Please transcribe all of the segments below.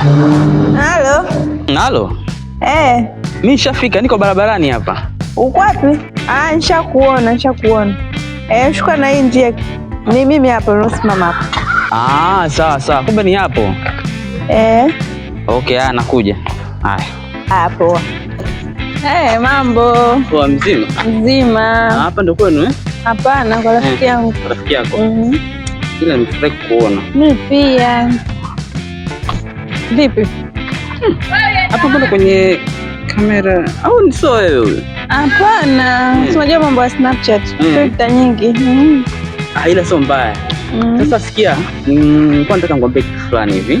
Halo. Halo. Eh. Mimi nishafika niko barabarani hapa. Uko wapi? Ah, nishakuona, nishakuona. Eh, shuka na hii njia. Ni mimi hapa unasimama hapa. Ah, sawa sawa. Kumbe ni hapo. Eh. Okay, ah nakuja. Haya. Hapo. Eh, hey, mambo. Poa mzima? Mzima. Ah, Hapa ndo kwenu eh? Hapana, kwa rafiki eh, yangu. Rafiki yako. Mhm. Mm Ila nifurahi kuona. Mimi pia. Vipi? Hmm. Hapo mbona kwenye kamera au ni sio wewe? Hapana, hmm. unajua mambo ya Snapchat, filter hmm. nyingi. Ah, ila sio mbaya. Sasa sikia, nilikuwa mm, nataka ngombe kitu fulani hivi.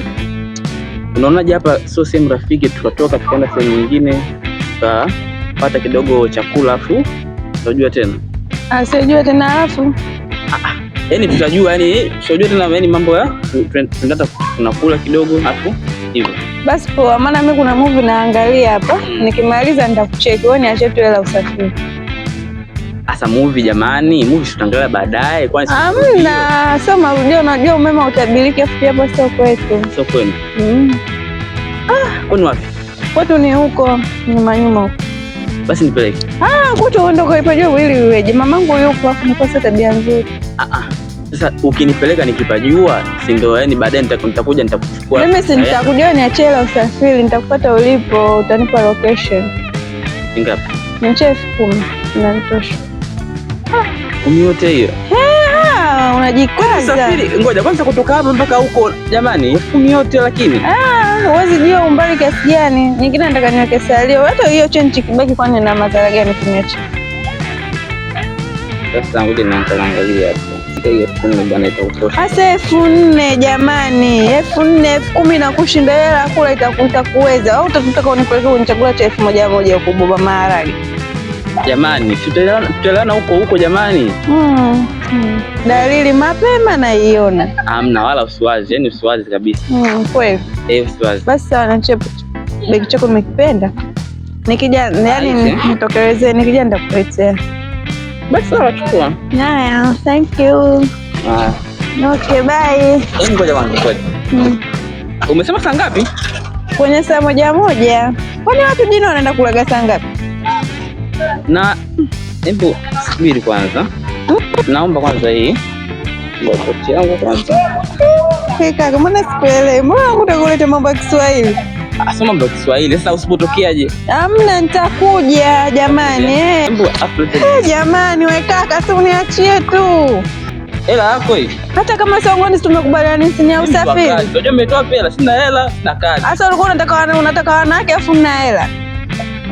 Unaonaje hapa sio sehemu rafiki, tukatoka tukaenda sehemu nyingine tukapata kidogo chakula afu tutajua tena. Ah, sijua tena afu. Ah, ah. Yaani tutajua, yaani tutajua tena, yani, mambo ya tunataka tunakula kidogo afu hivyo basi poa, maana mimi kuna movie naangalia hapa mm. Nikimaliza nitakucheki wewe, niache tu hela usafiri. Asa movie jamani, movie tutaangalia baadaye. Kwani amna sio marudio? Unajua umema utabiliki afu hapa sio kwetu, sio kwenu. Mm. Ah, kwani wapi? Kwetu ni huko nyuma nyuma huko. Basi nipeleke. Ah, kwetu uondoke ipo ipaje, ili uweje. Mamangu yupo, afu nikosa tabia nzuri. Ah ah. Sasa ukinipeleka nikipajua, si ndio? Yani baadaye nitakuja nitakuchukua. Mimi si nitakujua, niachie la usafiri, nitakupata ulipo, utanipa location. Ngapi? Niachie elfu kumi inanitosha. Kumi yote hiyo unajikaza. Yaani ngoja kwanza kutoka hapa mpaka huko, jamani, elfu kumi yote lakini ah, huwezi jua umbali kiasi gani. Nyingine nataka niweke salio, hata hiyo chenji kibaki, kwani na madhara gani kimeacha? Sasa ngoja nitaangalia hapa hiyo elfu nne bwana, itakutosha hasa elfu nne jamani, elfu nne elfu kumi na kushinda hela kula itakuweza au utataka unipelekea kwenye chakula cha elfu moja moja huko boba maharage? Jamani, tutaelewana huko huko jamani. Hmm, hmm. Dalili mapema naiona, Amna wala usiwazi, yani usiwazi kabisa. Hmm, kweli eh, usiwazi basi. Sawa, nachepo begi chako nimekipenda, nikija yani nitokelezee, nikija nitakuletea basi wachukua. Haya, thank you. Ah. Okay, bye. Ngoja bwana, ngoja. Hmm. Umesema saa ngapi? Kwenye saa moja moja. Kwani watu jina wanaenda kulaga saa ngapi? Na hebu subiri kwanza. Hmm? Naomba kwanza hii yangu kwanza. Kaka, mbona sikuelewi? Mbona unataka kuleta mambo ya Kiswahili? Asoma ndo Kiswahili sasa, usipotokeaje? Amna, nitakuja jamani. Eh. Hey, eh, jamani wekaka, si uniachie tu hela yako hii. Hata kama sio ngoni, si tumekubaliana nisi ni usafiri. Unajua umetoa pesa, sina hela, na kazi. Sasa ulikuwa unataka wana, unataka wanawake afu mna hela.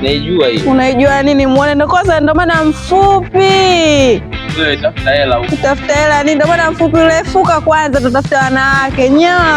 Naijua hii. Unaijua nini? Muone ndio kwanza ndio maana mfupi. Wewe tafuta hela huko. Tafuta hela nini? Ndio maana mfupi urefuka kwanza tutafuta wanawake. Nyaa.